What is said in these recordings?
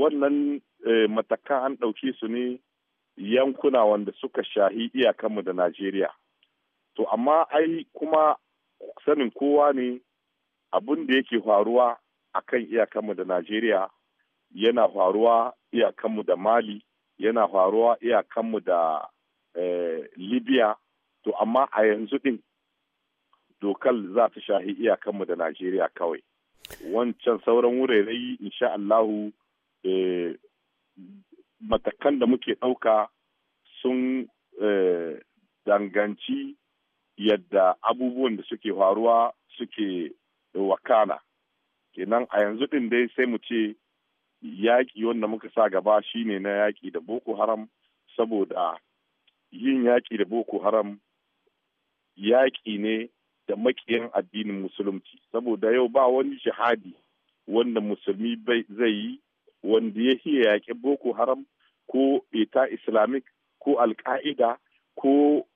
wannan eh, matakan an ɗauki su ne yankuna wanda suka shahi iyakanmu da Najeriya. To amma ai kuma sanin kowa ne abin da yake faruwa a kan iyakanmu da Najeriya yana faruwa iyakanmu da Mali, yana faruwa iyakanmu da eh, Libya, to amma a yanzu ɗin dokar za ta shahi iyakanmu da Najeriya kawai. Wancan sauran wurare insha Allahu Eh, matakan da muke ɗauka sun eh, danganci yadda abubuwan da suke faruwa suke wakana kenan a yanzu ɗin dai sai mu ce yaƙi wanda muka sa gaba shine na yaƙi da boko haram saboda yin yaƙi da boko haram yaƙi ne da maƙiyan addinin musulunci saboda yau ba wani shahadi wanda musulmi zai yi wanda ya hiya yaƙi boko haram ko ita islamic ko alka'ida ko uh,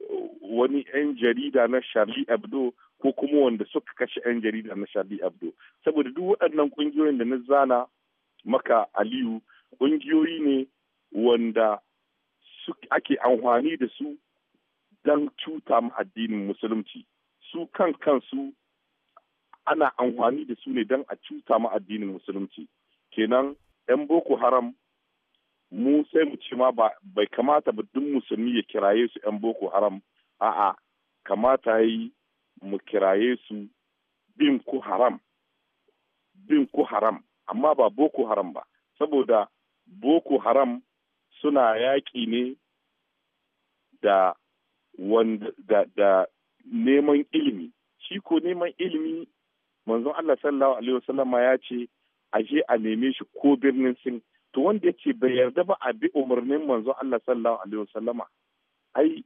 wani 'yan jarida na charlie abdo ko kuma wanda suka kashe 'yan jarida na charlie abdo saboda duk waɗannan ƙungiyoyin da na zana maka aliyu ƙungiyoyi ne wanda ake amfani da su don cuta ma addinin musulunci su kan kansu ana amfani da su ne don a cuta ma addinin musulunci kenan 'yan boko haram mu sai mu ce ma bai kamata ba duk musulmi ya kiraye su 'yan boko haram a'a kamata yi mu kiraye su bin ku haram bin ku haram amma ba boko haram ba saboda boko haram suna yaƙi ne da wanda da, da neman ilimi shi ko neman ilimi manzon Allah sallallahu alaihi wasallama ya ce a je a neme shi ko birnin sin to wanda yace bai yarda ba a bi umarnin manzo Allah sallallahu alaihi wasallama ai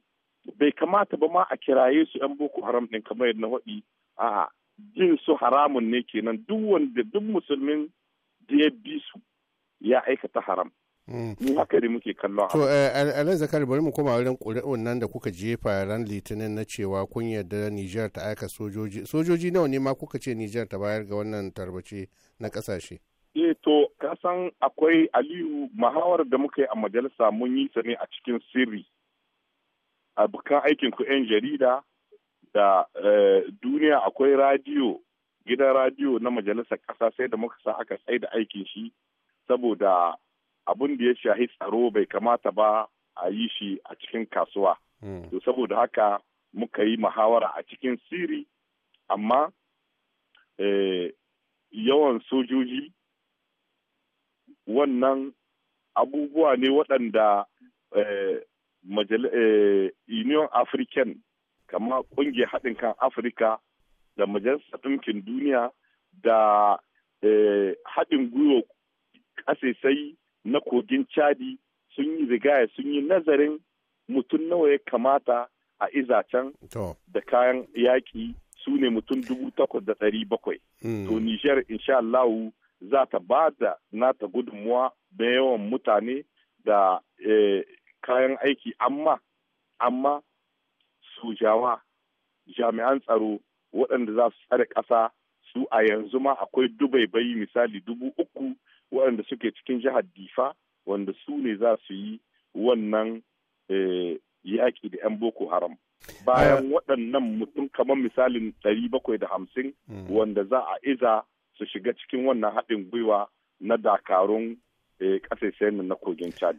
bai kamata ba ma a kiraye su yan boko haram din kamar yadda waɗi a jin su haramun ne kenan duk wanda duk musulmin da ya bi su ya aikata haram mm. mu haka ne muke kallon to eh, Alain zakari bari mu koma wurin ƙuri'un nan da kuka jefa ran litinin na cewa kun yarda Nijar ta aika sojoji sojoji nawa ne ma kuka ce Nijar ta bayar ga wannan tarbace na ƙasashe e to, ka san akwai Aliyu mahawar da muka yi a majalisa mun yi ta ne a cikin sirri. Abokan aikin ku 'yan jarida da eh, duniya akwai radio gidan radio na majalisar ƙasa sai da muka sa aka tsaye da aikin shi saboda abin da ya shahi tsaro bai kamata ba a yi shi a cikin kasuwa. Hmm. To saboda haka muka yi mahawara a cikin sirri amma eh, yawan sojoji wannan abubuwa ne waɗanda eh, eh, union african kama ƙungiyar haɗin kan afirka da majalisar ɗinkin duniya da eh, haɗin gwiwa ƙasasai na kogin chadi sun yi rigaya sun yi nazarin mutum nawa ya kamata a izacen da kayan yaƙi su ne mutum dubu takwas da ɗari bakwai. Hmm. To Nijar insha Allahu za ta ba da nata gudunmuwa da yawan mutane da eh, kayan aiki amma amma su jami'an tsaro waɗanda za su tsare ƙasa su a yanzu ma akwai dubai bayi misali dubu uku waɗanda suke cikin jihar difa wanda su ne za su yi wannan eh, yaƙi da 'yan boko haram bayan eh. waɗannan mutum kamar misalin 750 hmm. wanda za a iza su shiga cikin wannan haɗin gwiwa na dakarun eh, ƙasashen na kogin chad